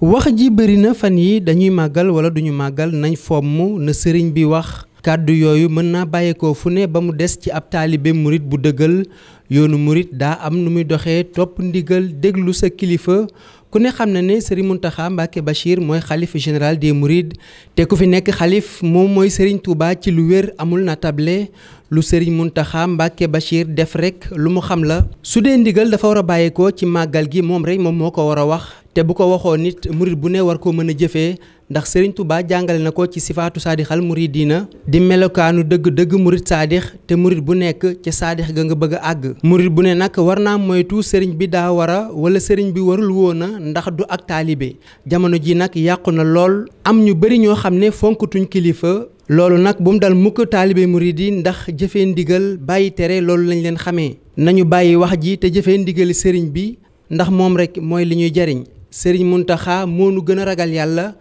wax ji bëri na fan yi dañuy màggal wala duñu màggal nañ fomm na sëriñ bi wax kàddu yooyu mën naa bàyyeekoo fu ne ba mu des ci ab taalibe murit bu dëggal yoonu murit daa am nu muy doxee topp ndigal déglu sa kilifa ku ne xam na ne Serigne Mountakha Mbacké Bachir mooy xalif général des Mourides te ku fi nekk xalif moom mooy Serigne Touba ci lu wér amul na table lu Serigne Mountakha Mbacké Bachir def rek lu mu xam la. su dee ndigal dafa war a bàyyeekoo ci màggal gi moom rek moom moo ko war a wax te bu ko waxoo nit murid bu ne war koo mën a jëfee ndax Serigne Touba jàngale na ko ci sifaatu saadixal muridina di melokaanu dëgg-dëgg murid saadix te murid bu nekk ca saadix ga nga bëgg àgg murid bu ne nag war naa moytu Serigne bi daa war a wala Serigne bi warul woon a ndax du ak taalibe jamono ji nag yàqu na lool am ñu bëri ñoo xam ne fonkatuñu kilifa loolu nag bu mu dal mukk taalibe murid yi ndax jëfee ndigal bàyyi tere loolu lañ leen xamee nañu bàyyi wax ji te jëfee ndigali Serigne bi ndax moom rek mooy li ñuy jariñ sëriñ Muntaxa moo nu gën a ragal yàlla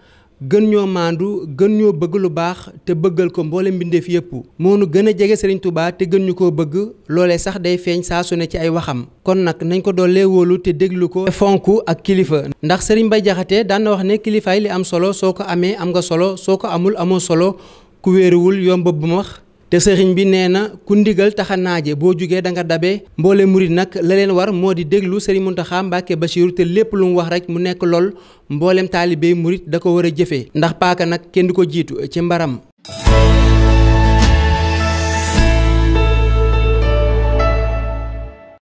gën ñoo maandu gën ñoo bëgg lu baax te bëggal ko mboole mbindeef yépp moo nu gën a jege sëriñ Touba te gën ñu koo bëgg loolee sax day feeñ saa su ne ci ay waxam kon nag nañ ko doole wóolu te déglu ko fonk ak kilifa ndax sëriñ Mbay Jaxate daan na wax ne kilifaay li am solo soo ko amee am nga solo soo ko amul amoo solo ku wéeruwul yomb bu ma wax te sëriñ bi nee na ku ndigal taxa naaje boo jugee da nga dabe mboole murit nag la leen war moo di déglu sëriñ Muntaxa Mbàkke Basiiru te lépp lu mu wax rek mu nekk lool mboolem taalibey murit da ko war a jëfee ndax paaka nag kenn du ko jiitu ci mbaram